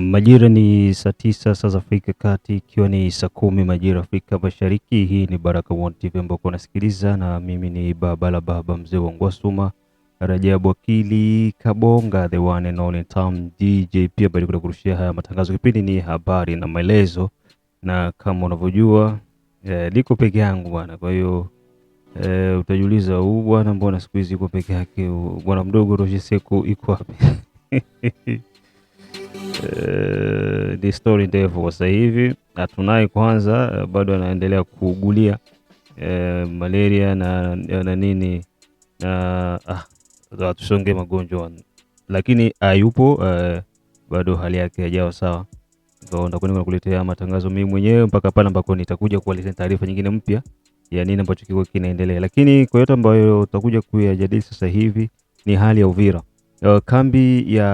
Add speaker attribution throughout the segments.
Speaker 1: majira ni saa tisa saa za Afrika Kati, ikiwa ni saa kumi majira Afrika Mashariki. Hii ni Baraka One TV ambao unasikiliza, na mimi ni baba la baba mzee wa Ngwasuma Rajabu Akili Kabonga, the one and only time DJ. Pia bali kurushia haya matangazo, kipindi ni habari na maelezo, na kama unavyojua niko eh, peke yangu bwana, kwa hiyo eh, utajiuliza huu bwana, mbona siku hizi uko peke yake bwana mdogo Roger Seko iko wapi? uh, eh, ni stori ndefu kwa sasa hivi, na kwanza eh, bado anaendelea kuugulia uh, malaria na, na nini na ah, tusonge magonjwa, lakini hayupo uh, bado hali yake hajawa sawa ndakwenda kuletea matangazo mimi mwenyewe mpaka pale ambako nitakuja kuwaletea taarifa nyingine mpya ya nini ambacho kiko kinaendelea. Lakini kwa yote ambayo utakuja kuyajadili sasa hivi ni hali ya Uvira, kambi ya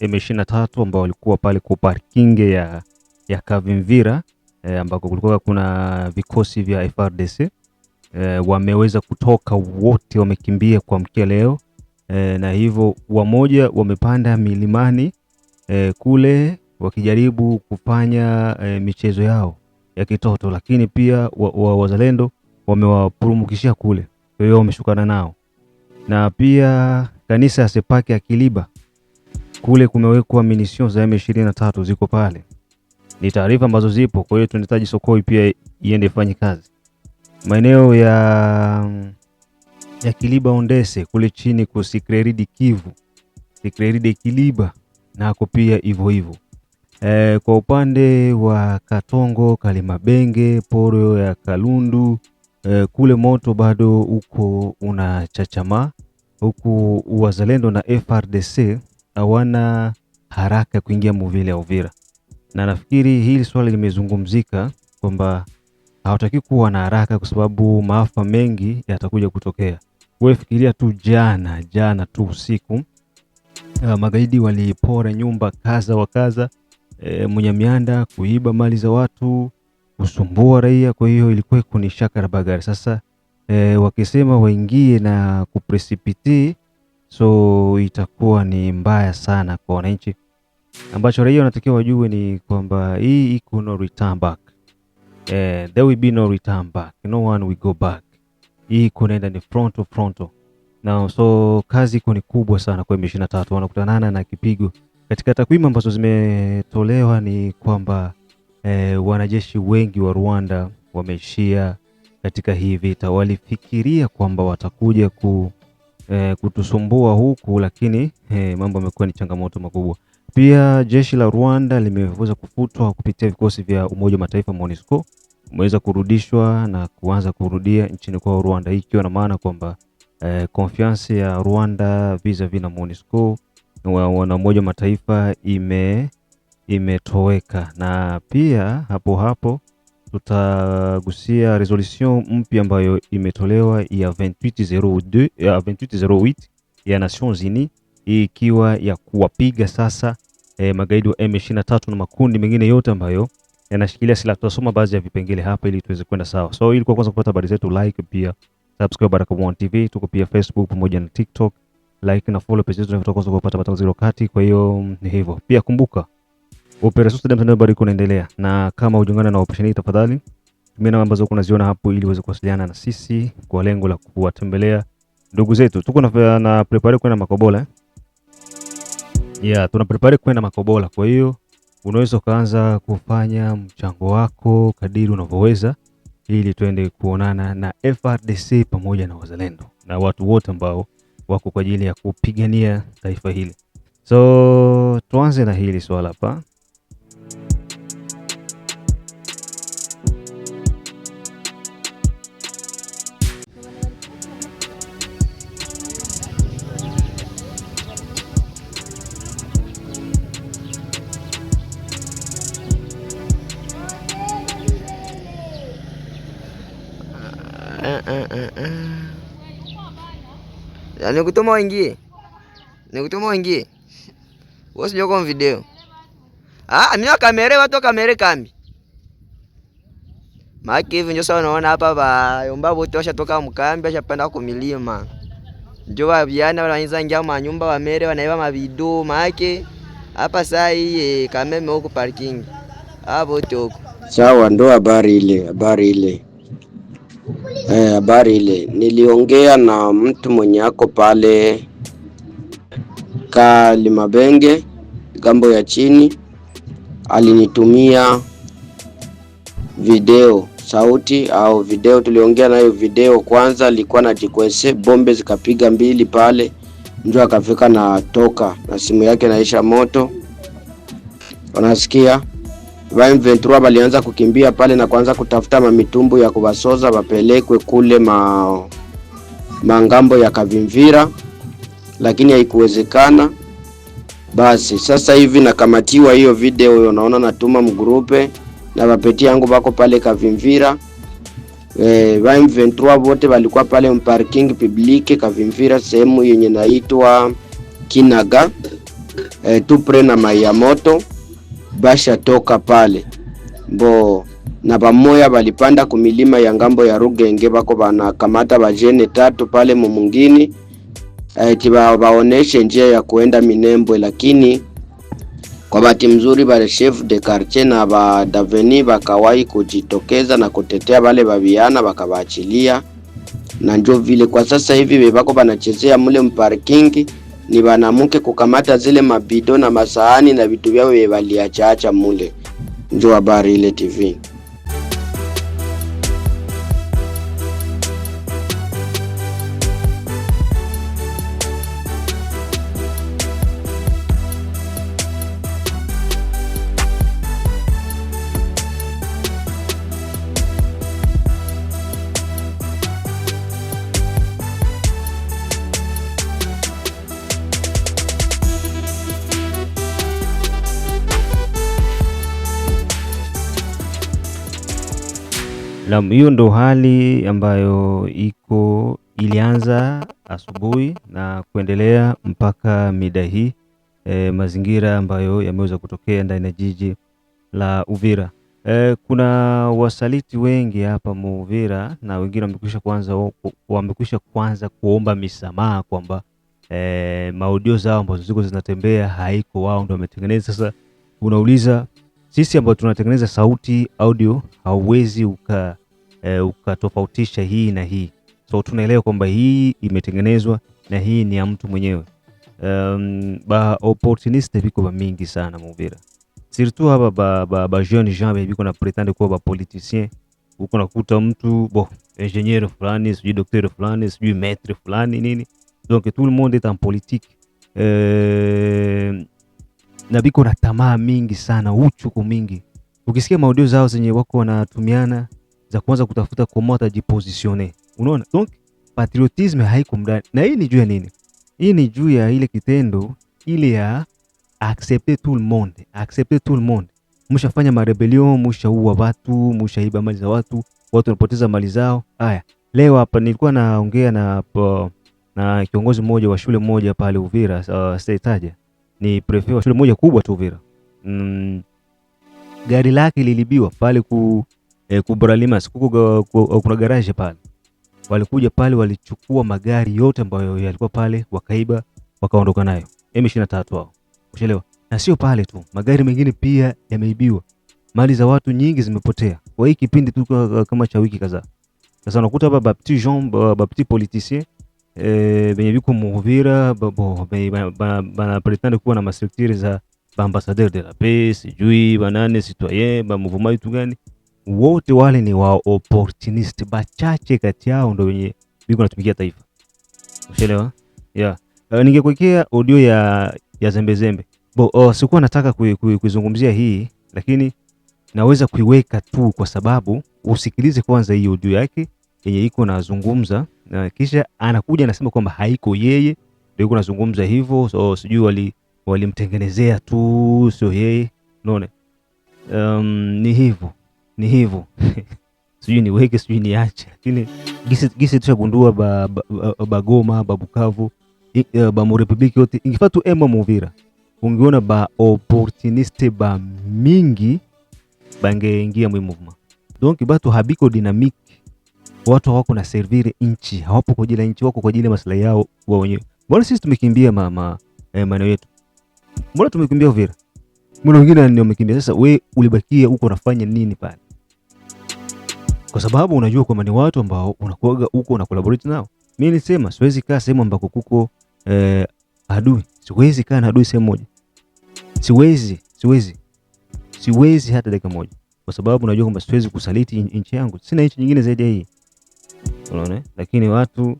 Speaker 1: M23 ambao walikuwa pale kwa parking ya, ya Kavimvira e, ambako kulikuwa kuna vikosi vya frdc e, eh, wameweza kutoka wote, wamekimbia kwa mkeleo e, eh, na hivyo wamoja wamepanda milimani e, kule wakijaribu kufanya e, michezo yao ya kitoto, lakini pia wa, wa, wazalendo wamewapurumukishia kule, kwa hiyo wameshukana nao na pia kanisa ya Sepake ya Kiliba kule kumewekwa minisio za M23 ziko pale, ni taarifa ambazo zipo. Kwa hiyo tunahitaji Sokoi pia iende ifanye kazi maeneo ya ya Kiliba Ondese kule chini ku Sikreridi Kivu, Sikreridi Kiliba nako pia hivyo hivyo. E, kwa upande wa Katongo Kalimabenge poro ya Kalundu e, kule moto bado uko unachachama huku wazalendo na FRDC hawana haraka kuingia muvile ya Uvira, na nafikiri hili swali limezungumzika kwamba hawataki kuwa na haraka kwa sababu maafa mengi yatakuja kutokea. Wewe fikiria tu jana jana tu usiku uh, magaidi walipora nyumba kaza wa kaza, e, eh, mwenye mianda kuiba mali za watu kusumbua raia. Kwa hiyo ilikuwa ni la bagari. Sasa e, wakisema waingie na kuprecipitate so itakuwa ni mbaya sana kwa wananchi. Ambacho raia wanatakiwa wajue ni kwamba hii iko no return back. Eh, there will be no return back, no one will go back. Hii kunaenda ni fronto fronto na so kazi iko ni kubwa sana kwa M23, wanakutanana na kipigo. Katika takwimu ambazo zimetolewa ni kwamba eh, wanajeshi wengi wa Rwanda wameishia katika hii vita. Walifikiria kwamba watakuja ku eh, kutusumbua huku, lakini eh, mambo yamekuwa ni changamoto makubwa. Pia jeshi la Rwanda limeweza kufutwa kupitia vikosi vya Umoja wa Mataifa MONUSCO umeweza kurudishwa na kuanza kurudia nchini kwao Rwanda, hii ikiwa na maana kwamba eh, confiance ya Rwanda vis-a-vis na MONUSCO na Umoja wa Mataifa ime imetoweka na pia hapo hapo tutagusia resolution mpya ambayo imetolewa ya 2802 ya 2808 ya Nations Unies ikiwa ya kuwapiga sasa e, magaidi wa M23 na makundi mengine yote ambayo yanashikilia silaha. Tutasoma baadhi ya vipengele hapa ili tuweze kwenda sawa. So ili kwa kwanza kupata habari zetu, like pia subscribe Baraka1 TV. Tuko pia Facebook pamoja na TikTok, like na follow page zetu, kwanza kupata matangazo Kwa hiyo mm, ni hivyo, pia kumbuka Operation Stadium Tanzania bado iko inaendelea, na kama hujiungana na operation hii, tafadhali tumia namba ambazo unaziona hapo ili uweze kuwasiliana na sisi kwa lengo la kuwatembelea ndugu zetu. Tuko na, na prepare kwenda Makobola eh? yeah, tuna prepare kwenda Makobola. Kwa hiyo unaweza ukaanza kufanya mchango wako kadiri unavyoweza ili tuende kuonana na FRDC pamoja na wazalendo na watu wote ambao wako kwa ajili ya kupigania taifa hili. So tuanze na hili swala hapa.
Speaker 2: Na nikutuma uingie. Nikutuma uingie. Wewe sio kwa video. Ah, mimi kamera watu wa kamera kambi. Maki hivi ndio sawa unaona hapa ba yombabu wote washatoka mkambi washapanda kumilima. Ndio wa vijana wanaanza ingia manyumba wa mere wanaiba mavidu maki Hapa saa hii eh, kameme huko parking. Hapo ah, huko.
Speaker 3: Sawa, ndo habari ile, habari ile. Eh, habari eh, ile niliongea na mtu mwenye ako pale Kalimabenge gambo ya chini, alinitumia video sauti au video, tuliongea nayo video. Kwanza alikuwa na jikwese bombe zikapiga mbili pale, ndio akafika na toka na simu yake naisha moto, unasikia Ba M23 kukimbia pale na kuanza kutafuta mamitumbu ya kuwasoza wapelekwe kule ma mangambo ya Kavimvira, lakini haikuwezekana. Basi sasa hivi nakamatiwa hiyo video, unaona natuma mgrupe na wapeti yangu bako pale Kavimvira. Eh, ba M23 wote walikuwa pale mparking public Kavimvira, sehemu yenye naitwa Kinaga eh, tupre na Mayamoto bashatoka pale mbo na bamoya balipanda kumilima ya ngambo ya Rugenge, bako banakamata bajene tatu pale mumungini eti eh, baoneshe njia ya kuenda Minembwe, lakini kwa bahati mzuri bale chef de quartier na ba daveni bakawahi kujitokeza na kutetea bale babiana bakabaachilia, na njo vile kwa sasa hivi bebako banachezea mule mparkingi ni wanamke kukamata zile mabido na masahani na vitu vyao vye mule. Njo Habari Ile TV.
Speaker 1: Naam, hiyo ndo hali ambayo iko ilianza asubuhi na kuendelea mpaka mida hii e, mazingira ambayo yameweza kutokea ndani ya jiji la Uvira. E, kuna wasaliti wengi hapa Muvira na wengine wamekwisha kwanza wamekwisha kwanza kuomba misamaha kwamba e, maudio zao ambazo ziko zinatembea haiko wao ndo wametengeneza. Sasa unauliza sisi ambao tunatengeneza sauti audio, hauwezi uka e, ukatofautisha hii na hii, so tunaelewa kwamba hii imetengenezwa na hii ni ya mtu mwenyewe. Um, ba opportunist biko ba mingi sana Muvira, surtout hapa ba, ba, ba jeune gens biko na pretendre kuwa ba politicien. Huko nakuta mtu bo ingenieur fulani sijui docteur fulani sijui maître fulani nini, donc tout le monde est en politique euh, na biko na tamaa mingi sana, uchuku mingi. Ukisikia maudio zao zenye wako wanatumiana za kuanza kutafuta comment atajipositione, unaona. Donc patriotisme haiko mdani, na hii ni juu ya nini? Hii ni juu ya ile kitendo ile ya accepter tout le monde, accepter tout le monde. Mshafanya marebelion, mshaua watu, mshaiba mali za watu, watu wanapoteza mali zao. Haya, leo hapa nilikuwa naongea na na kiongozi mmoja wa shule moja pale Uvira, uh, sitaitaja ni prefect wa shule moja kubwa tu Uvira. Mm, gari lake lilibiwa pale ku eh, ku Bralimas kuko kuna garage pale. Walikuja pale walichukua magari yote ambayo yalikuwa pale wakaiba wakaondoka nayo. M23 wao. Umeelewa? Na sio pale tu, magari mengine pia yameibiwa. Mali za watu nyingi zimepotea kwa hii kipindi tu kama cha wiki kadhaa. Sasa unakuta hapa Baptiste Jean Baptiste politicien e, eh, benye biko muvira banapretende kuwa na mastructure za baambasadeur de la paix sijui banane citoyen bamuvuma vitu gani, wote wale ni wa opportunist, bachache kati yao ndo wenye biko natumikia taifa. Ushelewa? Yeah. Uh, eh, ningekwekea audio ya, ya zembezembe bo. Uh, sikuwa nataka kuizungumzia hii lakini naweza kuiweka tu kwa sababu usikilize kwanza hii audio yake yenye iko nazungumza na kisha anakuja anasema kwamba haiko yeye, ndio yuko anazungumza hivyo, so sijui wali walimtengenezea tu, sio yeye. Unaona, um, ni hivyo ni hivyo sijui niweke sijui niache, lakini gisi gisi tushagundua ba, ba, ba, ba Goma ba Bukavu uh, ba murepubliki yote ingefaa tu ema Muvira ungiona ba opportuniste ba mingi bangeingia mwi movement donc batu habiko dynamique watu hawako na servire nchi, hawapo kwa ajili ya nchi, wako kwa ajili ya maslahi yao wao wenyewe. Mbona sisi tumekimbia mama eh, maeneo yetu? Mbona tumekimbia Uvira? Mbona wengine ndio wamekimbia? Sasa we ulibakia huko unafanya nini pale? Kwa sababu unajua kwamba ni watu ambao unakuaga huko na collaborate nao. Mimi nilisema siwezi kaa sehemu ambako kuko eh, adui. Siwezi kaa na adui sehemu moja. Siwezi, siwezi. Siwezi hata dakika moja. Kwa sababu unajua kwamba siwezi kusaliti nchi yangu. Sina nchi nyingine zaidi ya hii unaona, lakini watu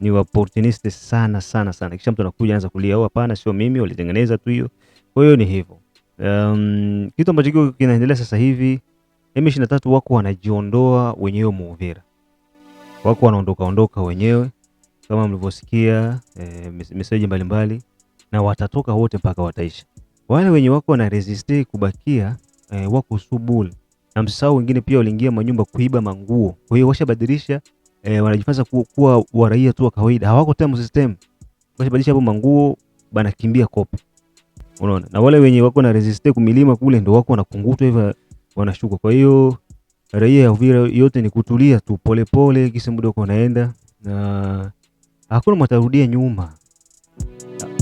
Speaker 1: ni opportunist sana sana sana. Kisha mtu anakuja anaanza kulia, au oh, hapana, sio mimi, walitengeneza tu hiyo. Kwa hiyo ni hivyo. Um, kitu ambacho kiko kinaendelea sasa hivi M23 wako wanajiondoa wenyewe Muvira, wako wanaondoka ondoka wenyewe kama mlivyosikia e, eh, message mbalimbali, na watatoka wote mpaka wataisha. Wale wenye wako na resist kubakia e, wako Subul na msao wengine pia waliingia manyumba kuiba manguo, kwa hiyo washabadilisha e, eh, wanajifanya ku, kuwa waraia tu wa kawaida, hawako tena msystem, badilisha hapo manguo bana, kimbia kopo, unaona. Na wale wenye wako na resiste kumilima kule ndio wako wanakungutwa hivyo, wanashuka. Kwa hiyo raia ya Uvira yote ni kutulia tu polepole, kisa muda uko naenda na hakuna matarudia nyuma.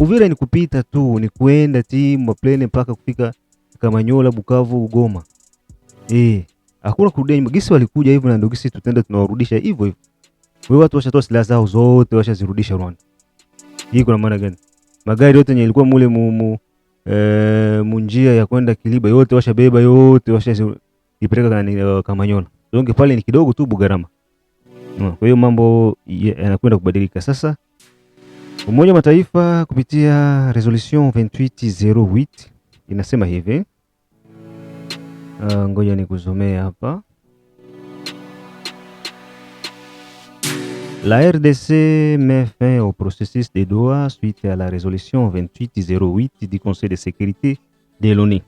Speaker 1: Uvira ni kupita tu, ni kuenda timu plane mpaka kufika Kamanyola, Bukavu, Goma. Eh, hakuna kurudia nyuma. Gisi walikuja hivyo na ndio gisi tutaenda tunawarudisha hivyo hivyo. Wewe watu washatoa silaha zao zote washazirudisha Rwanda. Hii kuna maana gani? Magari yote yenye ilikuwa mule mu, mu, e, eh, munjia ya kwenda Kiliba yote washabeba yote washazipeleka uh, eh, Kamanyola. Donge pale ni kidogo tu Bugarama. kwa hiyo mambo yanakwenda kubadilika sasa. Umoja wa Mataifa kupitia resolution 2808 inasema hivi. Uh, ngoja nikusomee hapa. La RDC met fin au processus de Doha suite à la résolution 2808 du Conseil de sécurité de l'ONU.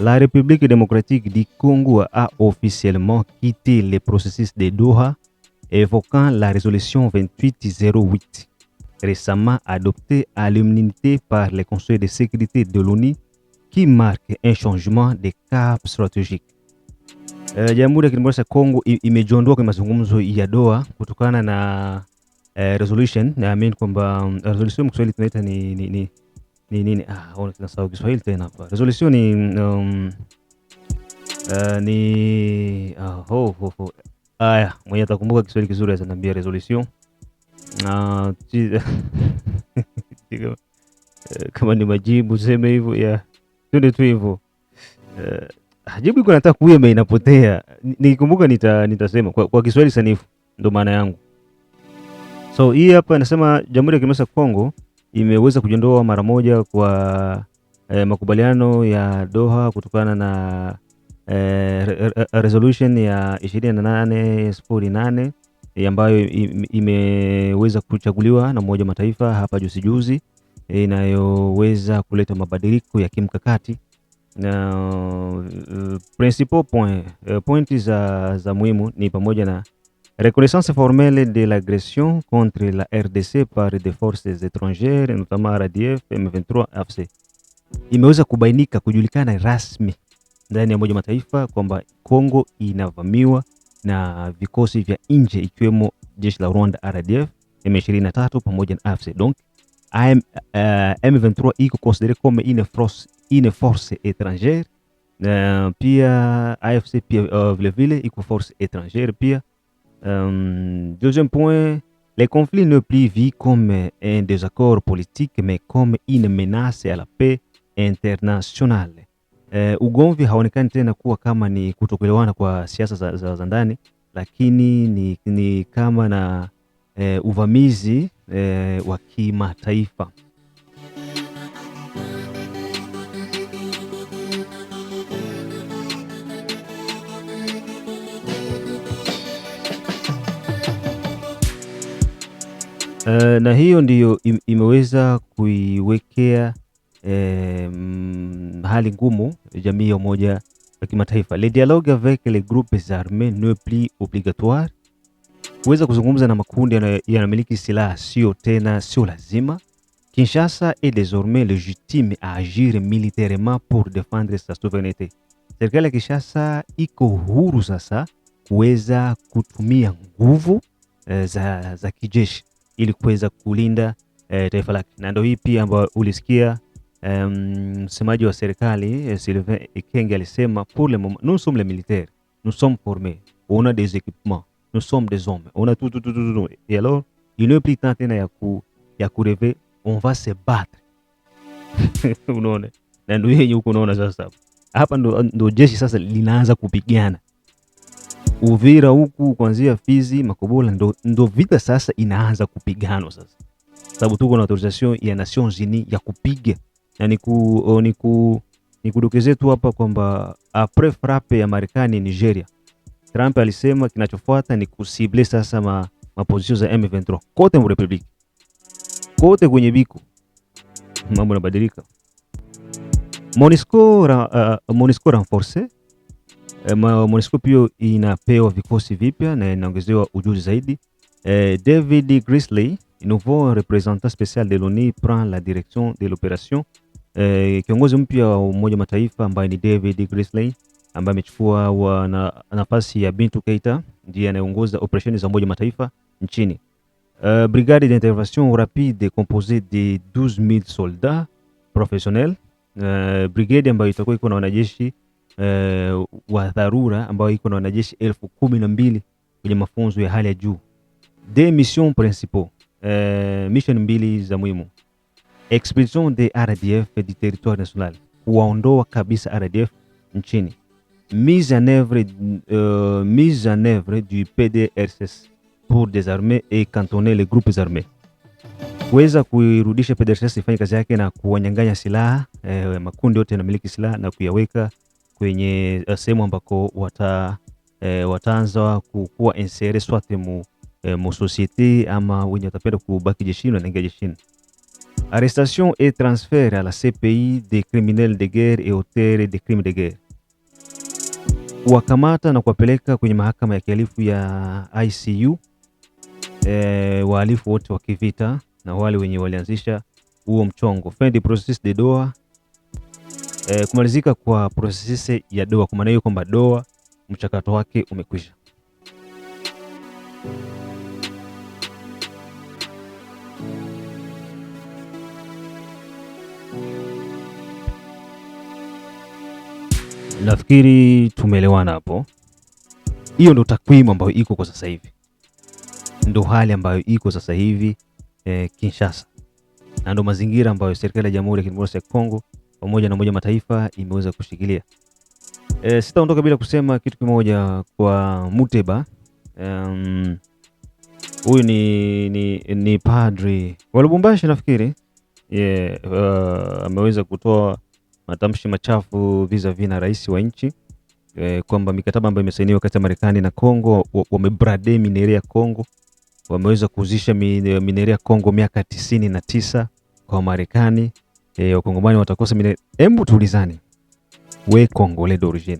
Speaker 1: La République démocratique du Congo a officiellement quitté le processus de Doha, évoquant la résolution 2808, récemment adoptée à l'unanimité par le Conseil de sécurité de l'ONU, qui marque un changement de cap stratégique. Uh, Jamhuri ya Kidemokrasia ya Kongo imejiondoa kwenye mazungumzo ya Doha kutokana na uh, resolution na mean kwamba um, resolution Kiswahili tunaita ni ni ni ni nini? Ah, ona tena sawa Kiswahili tena hapa. Resolution ni um, uh, ni ah, ho ho ho. Aya, mwenye atakumbuka Kiswahili kizuri ataniambia resolution. Na ah, uh, kama ni majibu sema hivyo ya. yeah. Tunde tu hivyo jibu iko nataka kuwema inapotea. Nikikumbuka nita, nitasema kwa, kwa Kiswahili sanifu ndo maana yangu. So hii hapa inasema Jamhuri ya Kidemokrasia ya Kongo imeweza kujiondoa mara moja kwa eh, makubaliano ya Doha kutokana na eh, re, re, resolution ya 2808 eh, ambayo imeweza kuchaguliwa na Umoja wa Mataifa hapa juzi juzi eh, inayoweza kuleta mabadiliko ya kimkakati Uh, principaux point, uh, za, uh, za muhimu ni pamoja na reconnaissance formelle de l'agression contre la RDC par des forces étrangères notamment RDF M23 AFC. Imeweza kubainika kujulikana rasmi ndani ya Umoja wa Mataifa kwamba Kongo inavamiwa na vikosi vya nje ikiwemo jeshi la Rwanda RDF M23 pamoja na AFC. Donc, AM, uh, M23 iko considere comme une force une force étrangère uh, pia euh, AFC pia uh, vilevile iko force étrangère pia. Um, euh, deuxième point, les conflits ne plus vus comme un désaccord politique mais comme une menace à la paix internationale. Uh, ugomvi haonekani tena kuwa kama ni kutokuelewana kwa siasa za, za, ndani lakini ni, ni kama na uh, uvamizi uh, wa kimataifa. Uh, na hiyo ndiyo imeweza kuiwekea um, hali ngumu jamii ya Umoja wa Kimataifa. Le dialogue avec les groupes armes ne plus obligatoire, kuweza kuzungumza na makundi yanayomiliki silaha sio tena, sio lazima. Kinshasa est désormais légitime à agir militairement pour défendre sa souveraineté. Serikali ya Kinshasa iko huru sasa kuweza kutumia nguvu eh, za, za kijeshi ili kuweza kulinda e, taifa lake, na ndio hii pia ambayo ulisikia msemaji um, wa serikali eh, Sylvain Ekenge alisema pour le moment nous sommes les militaires nous sommes formés on a des équipements nous sommes des hommes on a tout tout tout, tout, et alors il n'est plus temps tena ya ku ya kureve on va se battre unaona, na ndio yenye huko unaona sasa hapa ndo, ndo jeshi sasa linaanza kupigana Uvira huku kuanzia Fizi, Makobola ndo, ndo vita sasa inaanza kupiganwa sasa, sababu tuko na autorisation ya Nations Unies ya kupiga na niku, niku, nikudokeze tu hapa kwamba apres frappe ya Marekani Nigeria, Trump alisema kinachofuata ni kusible sasa ma, position za M23 kote mu republiki kote kwenye biko, mambo yanabadilika. Monisco, uh, Monisco renforcer E, MONUSCO pia inapewa vikosi vipya na inaongezewa ujuzi zaidi. E, David Grisley, nouveau representant special de l'ONU prend la direction de l'opération. E, kiongozi mpya wa Umoja Mataifa ambaye ni David Grisley ambaye amechukua na, nafasi ya Bintu Keita ndiye anayeongoza operesheni za Umoja Mataifa nchini. Uh, brigade d'intervention rapide composée de 12000 soldats professionnels. Uh, brigade ambayo itakuwa iko na wanajeshi uh, wa dharura ambao iko na wanajeshi elfu kumi na mbili kwenye mafunzo ya hali ya juu. De mission principal, uh, eh, mission mbili za muhimu: expulsion de RDF du territoire national, kuwaondoa kabisa RDF nchini; mise en oeuvre uh, mise en oeuvre du PDRCS pour désarmer et cantonner les groupes armés kuweza kuirudisha PDRCS ifanye kazi yake na kuwanyang'anya silaha eh, makundi yote yanamiliki silaha na kuyaweka kwenye eh, sehemu ambako wata, e, eh, wataanza kukuwa insere swate mu, e, mu societe ama wenye watapenda kubaki jeshini wanaingia jeshini. Arrestation et transfert à la CPI des criminels de guerre et auteurs de crimes de guerre. Kuwakamata na kuwapeleka kwenye mahakama ya kihalifu ya ICU e, wahalifu wote wa kivita na wale wenye walianzisha huo mchongo. Fin de processus de Doha E, kumalizika kwa prosesi ya doa, kwa maana hiyo kwamba doa mchakato wake umekwisha. Nafikiri tumeelewana hapo. Hiyo ndo takwimu ambayo iko kwa sasa hivi, ndo hali ambayo iko sasa hivi e, Kinshasa, na ndo mazingira ambayo serikali ya Jamhuri ya Kidemokrasia ya Kongo pamoja na Umoja Mataifa imeweza kushikilia. E, sitaondoka bila kusema kitu kimoja kwa Muteba. Um, huyu ni, ni, ni padri wa Lubumbashi nafikiri yeah, uh, e, ameweza kutoa matamshi machafu vis-a-vis na rais wa nchi eh, kwamba mikataba ambayo imesainiwa kati ya Marekani na Kongo wamebrade minere ya Kongo, wameweza kuuzisha minere ya Kongo miaka tisini na tisa kwa Marekani e, wakongomani watakosa mine. Embu tuulizane, we Kongo Congolais d'origine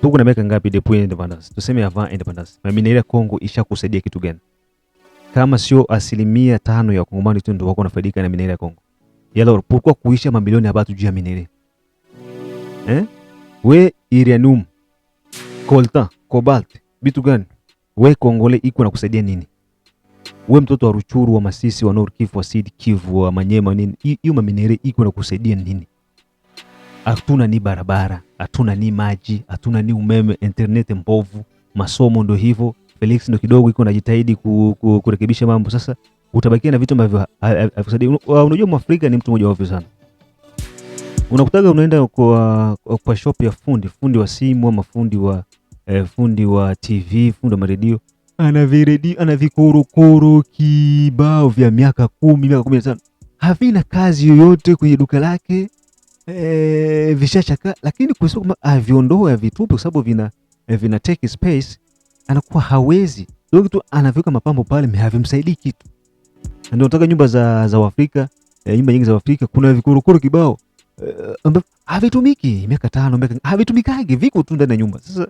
Speaker 1: tuko na miaka ngapi depuis independence? Tuseme avant independence, mine ile Kongo ishakusaidia kitu gani? Kama sio asilimia tano ya wakongomani tu ndio wako nafaidika na mine ile Kongo, yalo pourquoi kuisha mabilioni ya watu juu ya mine ile eh? We iranium, coltan, cobalt, bitu gani? We Kongole iko na kusaidia nini? we mtoto wa Ruchuru wa Masisi wa Nord Kivu wa Sud Kivu wa Manyema nini, hiyo maminere iko na kusaidia nini? Hatuna ni barabara, hatuna ni maji, hatuna ni umeme, internet mbovu, masomo ndo hivyo. Felix ndo kidogo iko najitahidi ku, ku, kurekebisha mambo. Sasa utabakia na vitu ambavyo havisaidii. Unajua Mwafrika ni mtu mmoja ovyo sana. Unakutaga unaenda kwa, kwa shop ya fundi fundi wa simu ama fundi wa eh, fundi wa TV fundi wa maredio anaviredi ana vikorokoro kibao vya miaka kumi miaka kumi na tano havina kazi yoyote kwenye duka lake e, eh, vishachakaa, lakini kusema kwamba aviondoe avitupe kwa sababu vina eh, vina take space, anakuwa hawezi ndio kitu anaviweka mapambo pale, havimsaidii kitu. Ndio nataka nyumba za za Afrika e, eh, nyumba nyingi za Afrika kuna vikorokoro kibao ambavyo havitumiki miaka tano miaka havitumikagi, viko tu ndani ya nyumba. Sasa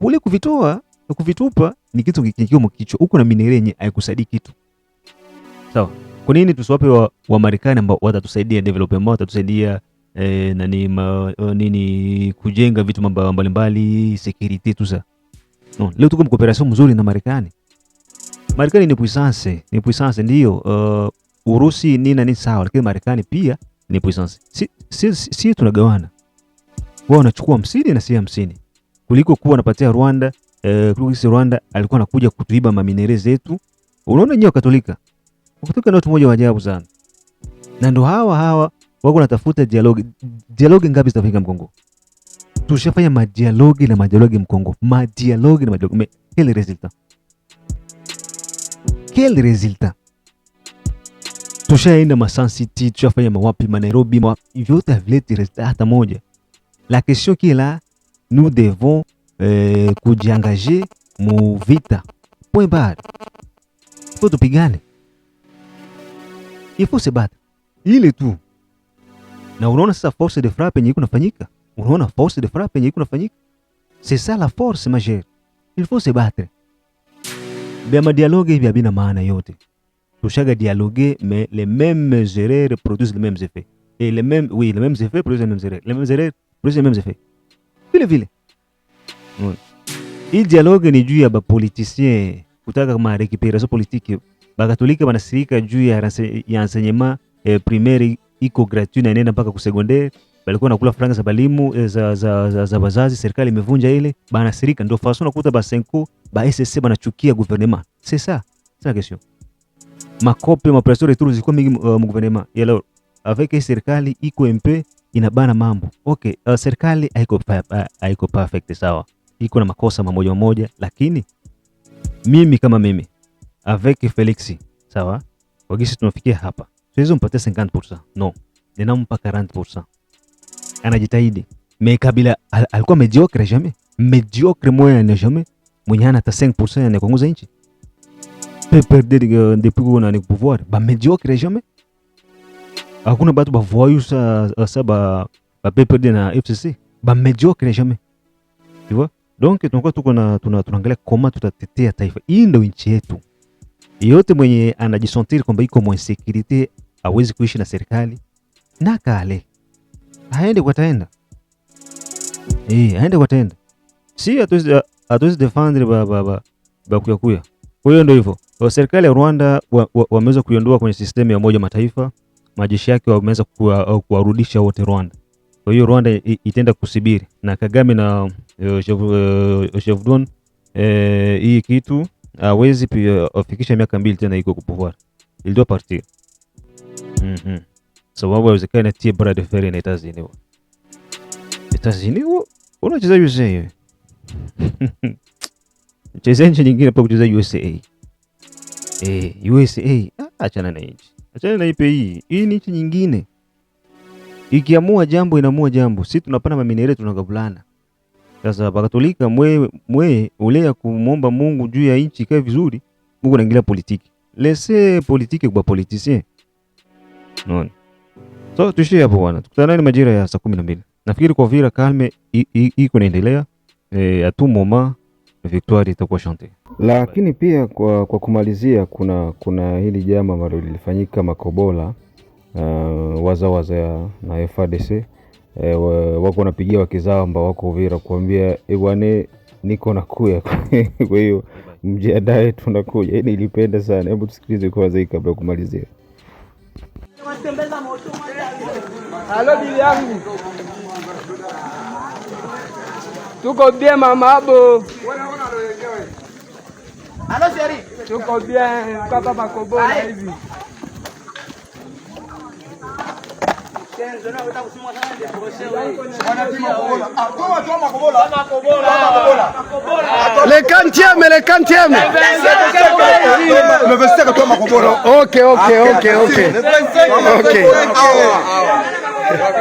Speaker 1: ule kuvitoa na kuvitupa ni kitu kikiwa kichwa huko na minerali yenye haikusaidii kitu. Sawa. So, kwa nini tusiwape wa, wa Marekani ambao watatusaidia develop ambao watatusaidia eh, nani ma, nini kujenga vitu mambo mbalimbali security tu za. No, leo tuko mkooperasyon mzuri na Marekani. Marekani ni puissance, ni puissance ndio. Uh, Urusi ni nani sawa, lakini Marekani pia ni puissance. Si, si, si, si tunagawana. Wao wanachukua 50 na si 50. kuliko kuwa wanapatia Rwanda eh, Clovis Rwanda alikuwa anakuja kutuiba maminere zetu. Unaona nyewe Katolika. Wakatoka na watu moja wa ajabu sana. Na ndo hawa hawa wako natafuta dialogi. Dialogi ngapi zitafika Mkongo? Tushafanya madialogi na madialogi Mkongo. Madialogi na madialogi. Me, quel resultat? Quel resultat? Tushaenda Masan City, tushafanya mawapi, Manairobi, vyote havileti resulta hata moja. La question qui est là, nous devons eh, kujiangaje mu vita point bar, fo tupigane, ifo se bata ile tu. Na unaona sasa force de frappe yenye iko nafanyika, unaona force de frappe yenye iko nafanyika, c'est ça la force majeure, il faut se battre. Bia madialoge hivi abina maana yote, tushaga dialogue, mais les mêmes erreurs produisent les mêmes effets et les mêmes oui les mêmes effets produisent les mêmes erreurs, les mêmes erreurs produisent les mêmes effets vile vile. Hii dialogue ni juu ya ba bapolitisien kutaka ma récupération politique, Ba bakatolika banasirika juu ya, ya enseignement eh, primaire iko gratuit na inaenda mpaka ku secondaire. balikuwa nakula franga za balimu za, eh, za, za, za, za bazazi. Serikali imevunja ile, banasirika ndio fasona fason. ba senko ba SSC banachukia gouvernement, c'est ça c'est la question. Makope mapression retour zilikuwa mingi uh, mu gouvernement yalo avec serikali iko MP inabana mambo okay. Uh, serikali haiko haiko perfect sawa So iko na makosa mamoja mamoja, lakini mimi kama mimi avec Felix sawa, kwa gisi tunafikia hapa, siwezi mpatia 50% no, ninampa 40%. Anajitahidi mais Kabila al alikuwa mediocre jamais, mediocre moya ne jamais mwenye ana ta 5% kongoza nchi peper de de qu'on a le pouvoir ba mediocre jamais. Hakuna batu bavoyu sa sa ba ba de na FCC ba mediocre jamais tu vois Donc tunakuwa tuko na tunaangalia koma tutatetea taifa hii, ndio nchi yetu. Yote mwenye anajisontiri kwamba iko mwa insecurity hawezi kuishi na serikali na kale haende kwa taenda eh, haende kwa taenda, si atuzi defendre ba ba ba ba kuya kuya. Kwa hiyo ndio hivyo, serikali ya Rwanda wameweza wa, wa kuiondoa kwenye sistemu ya Umoja Mataifa, majeshi yake wameweza kuwarudisha wote Rwanda. Kwa hiyo Rwanda itenda kusibiri na Kagame na Eh, Jovdon eh, eh, hii uh, kitu hawezi uh, afikisha miaka mbili tena iko il doit partir mm -hmm. Sababu so, awezekana tie de Ferry na itaziniwa itaziniwa, unacheza USA cheza nchi nyingine pa kucheza USA eh, USA ah, achana na nchi achana na ipe hii hii ni nchi nyingine ikiamua jambo inamua jambo, si tunapana maminere tunagavulana sasa bakatolika mwe mwe ule ya kumomba Mungu juu ya nchi ikae vizuri, Mungu naingilia politiki. Lese politiki kwa politisien. Non. So tushie hapo bwana. ni majira ya saa 12. Nafikiri kwa vira kalme iko inaendelea eh, atumoma Victoire itakuwa chante.
Speaker 4: Lakini pia kwa, kwa kumalizia kuna kuna hili jambo ambalo lilifanyika Makobola uh, wazawaza na FARDC e, wako wanapigia wake zao ambao wako Uvira kuambia e, bwana niko nakuya. Kwa hiyo mjiandae, tunakuja. Yaani nilipenda sana. Hebu tusikilize kwa zaidi kabla ya kumalizia.
Speaker 5: Halo bibi yangu, tuko bien mama abo, tuko bien kapa bakobona hivi
Speaker 6: Le quantième, le quantième.
Speaker 7: Le 25 toi Makobolo.
Speaker 6: OK, OK, OK, OK. Le 25 OK.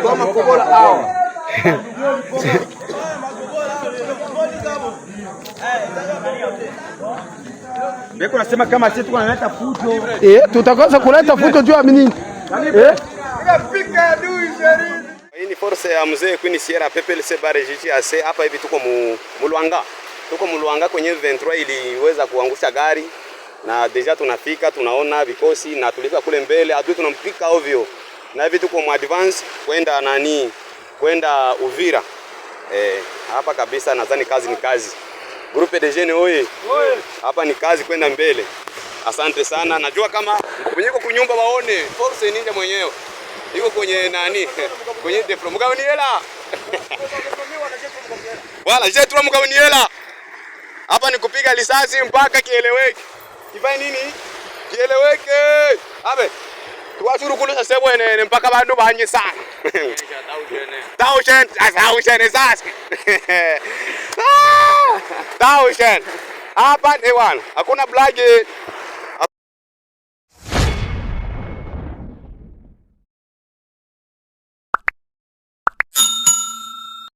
Speaker 6: Toi Makobolo.
Speaker 8: Beko nasema kama sisi tuko naleta fujo.
Speaker 6: Eh, tutakosa kuleta fujo juu ya nini?
Speaker 8: Eh? unapika
Speaker 9: adui zarini. Hii ni force ya mzee Queen Sierra Pepe Sebare Jiji ase hapa hivi tuko mu Mulwanga. Tuko Mulwanga kwenye 23 iliweza kuangusha gari na deja tunafika tunaona vikosi na tulifika kule mbele adui tunampika ovyo. Na hivi tuko mu advance kwenda nani? Kwenda Uvira. Eh, hapa kabisa nadhani kazi ni kazi. Grupe de jeunes oye. Hapa ni kazi kwenda mbele. Asante sana. Najua kama mwenyeko kunyumba waone force ninja mwenyewe iko kwenye nani kwenye depro mugawani hela wala jetro mugawani hela hapa ni kupiga risasi mpaka kieleweke kifanye nini kieleweke abe Tuwashuru sasa tuwachurukulusa ene mpaka bandu banye sana Tawshen, tawshen sasa Tawshen. hapa ni wan. hakuna blagi